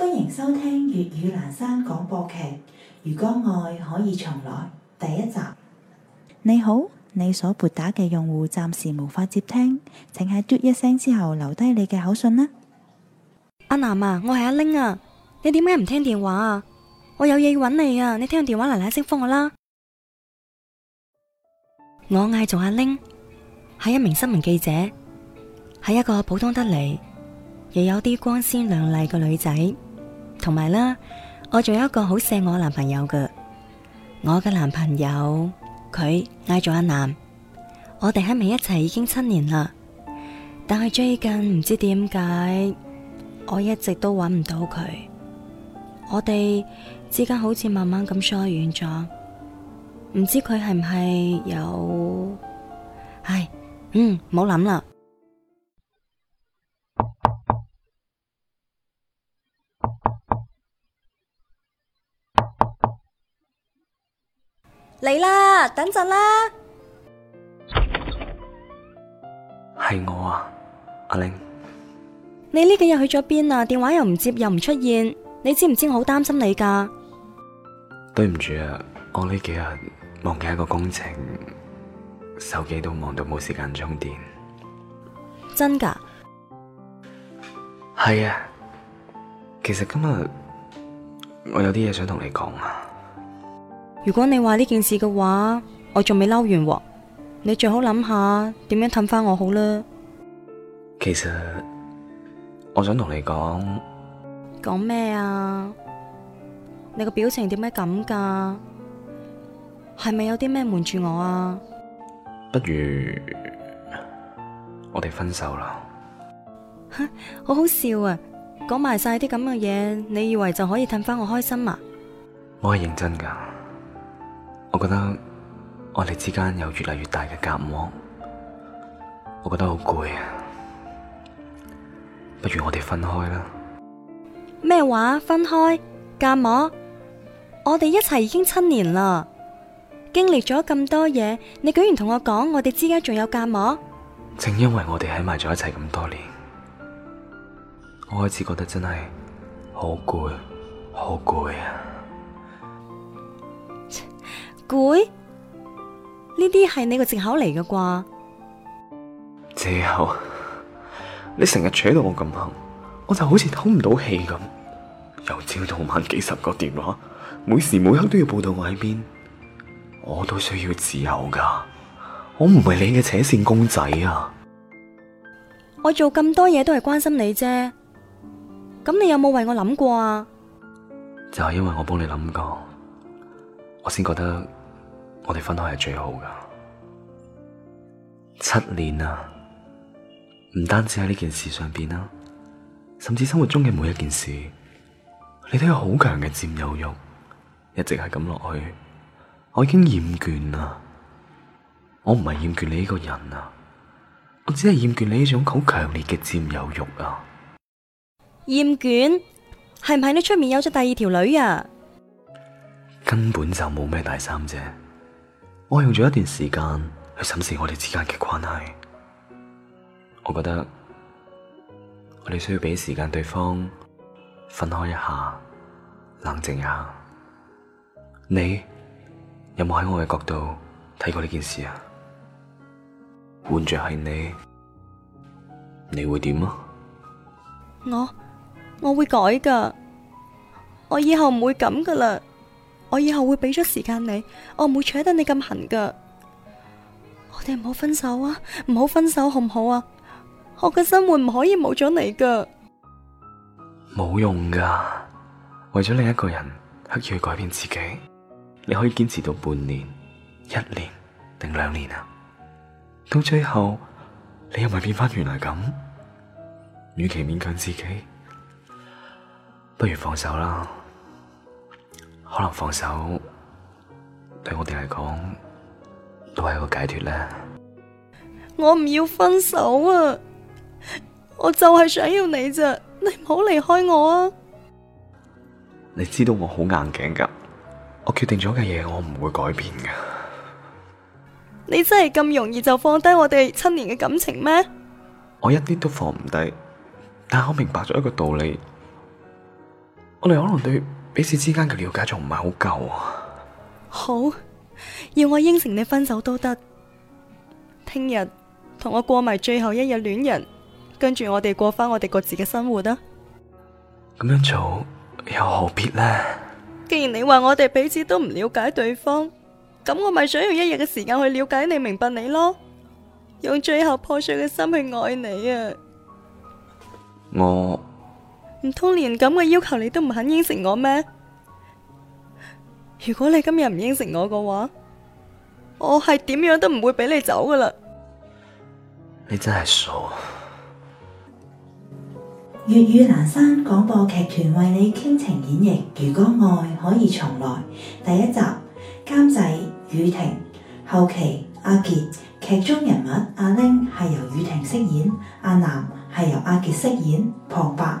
歡迎收聽粵語闌珊廣播劇《如果愛可以重來》第一集。你好，你所撥打嘅用戶暫時無法接聽，請喺嘟一聲之後留低你嘅口訊啦。阿南啊，我係阿拎啊，你點解唔聽電話啊？我有嘢要揾你啊，你聽電話嗱嗱聲覆我啦。我嗌做阿拎，係一名新聞記者，係一個普通得嚟，亦有啲光鮮亮麗嘅女仔。同埋啦，我仲有一個好錫我男朋友嘅，我嘅男朋友佢嗌咗阿南。我哋喺埋一齊已經七年啦，但係最近唔知點解，我一直都揾唔到佢，我哋之間好似慢慢咁疏遠咗，唔知佢係唔係有，唉，嗯，冇諗啦。嚟啦，等陣啦。係我啊，阿玲。你呢幾日去咗邊啊？電話又唔接，又唔出現，你知唔知我好擔心你噶？對唔住啊，我呢幾日忙緊一個工程，手機都忙到冇時間充電。真噶？係啊。其實今日我有啲嘢想同你講啊。如果你話呢件事嘅話，我仲未嬲完喎，你最好諗下點樣氹翻我好啦。其實我想同你講，講咩啊？你個表情點解咁噶？係咪有啲咩瞞住我啊？不如我哋分手啦！ 好好笑啊！講埋晒啲咁嘅嘢，你以為就可以氹翻我開心啊？我係認真噶。我覺得我哋之間有越嚟越大嘅隔膜，我覺得好攰啊！不如我哋分開啦。咩話？分開？隔膜？我哋一齊已經七年啦，經歷咗咁多嘢，你居然同我講我哋之間仲有隔膜？正因為我哋喺埋咗一齊咁多年，我開始覺得真係好攰，好攰啊！攰？呢啲係你個借口嚟嘅啩？借口？你成日扯到我咁紅，我就好似透唔到氣咁，由朝到晚幾十個電話，每時每刻都要報到我喺邊，我都需要自由噶，我唔係你嘅扯線公仔啊！我做咁多嘢都係關心你啫，咁你有冇為我諗過啊？就係因為我幫你諗過，我先覺得。我哋分開係最好噶，七年啊，唔單止喺呢件事上面啦，甚至生活中嘅每一件事，你都有好強嘅佔有欲，一直係咁落去，我已經厭倦啦。我唔係厭倦你呢個人啊，我只係厭倦你呢種好強烈嘅佔有欲啊。厭倦係唔係你出面有咗第二條女啊？根本就冇咩第三者。我用咗一段時間去審視我哋之間嘅關係，我覺得我哋需要俾時間對方分開一下，冷靜一下。你有冇喺我嘅角度睇過呢件事啊？換着係你，你會點啊？我我會改㗎，我以後唔會咁㗎啦。我以後會俾出時間你，我唔會坐得你咁痕噶。我哋唔好分手啊，唔好分手好唔好啊？我嘅生活唔可以冇咗你噶。冇用噶，為咗另一個人刻意去改變自己，你可以堅持到半年、一年定兩年啊。到最後，你又咪變翻原來咁？與其勉強自己，不如放手啦。可能放手對我哋嚟講都係一個解脱咧。我唔要分手啊！我就係想要你咋。你唔好離開我啊！你知道我好硬頸噶，我決定咗嘅嘢，我唔會改變噶。你真係咁容易就放低我哋七年嘅感情咩？我一啲都放唔低，但係我明白咗一個道理，我哋可能對。彼此之間嘅了解仲唔係好夠啊！好，要我應承你分手都得。聽日同我過埋最後一日戀人，跟住我哋過翻我哋各自嘅生活啊。咁樣做又何必呢？既然你話我哋彼此都唔了解對方，咁我咪想用一日嘅時間去了解你、明白你咯，用最後破碎嘅心去愛你啊！我。唔通連咁嘅要求你都唔肯應承我咩？如果你今日唔應承我嘅話，我係點樣都唔會俾你走噶啦！你真係傻。粵語闌珊廣播劇團為你傾情演繹《如果愛可以重來》第一集，監製宇婷，後期阿杰，劇中人物阿玲係由宇婷飾演，阿南係由阿杰飾演，旁白。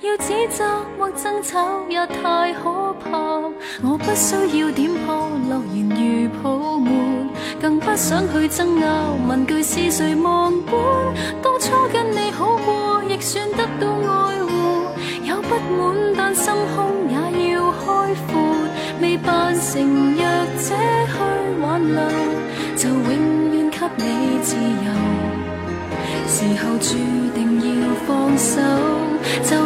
要指責或爭吵也太可怕，我不需要點破諾言如泡沫，更不想去爭拗，問句是誰忘本？當初跟你好過，亦算得到愛護，有不滿但心胸也要開闊，未扮成弱者去挽留，就永遠給你自由，時候注定要放手。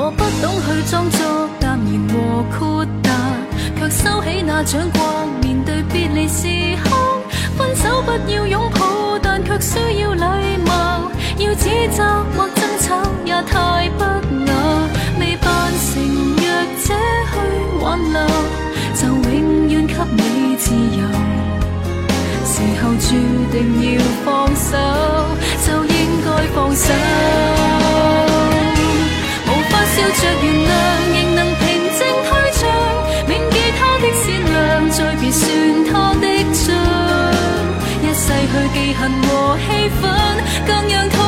我不懂去裝作淡然和豁達，卻收起那掌摑，面對別離時空，分手不要擁抱，但卻需要禮貌。要指責或爭吵也太不雅。未扮成弱者去挽留，就永遠給你自由。時候注定要放手，就應該放手。再別算他的賬，一世去記恨和氣憤。更 讓痛。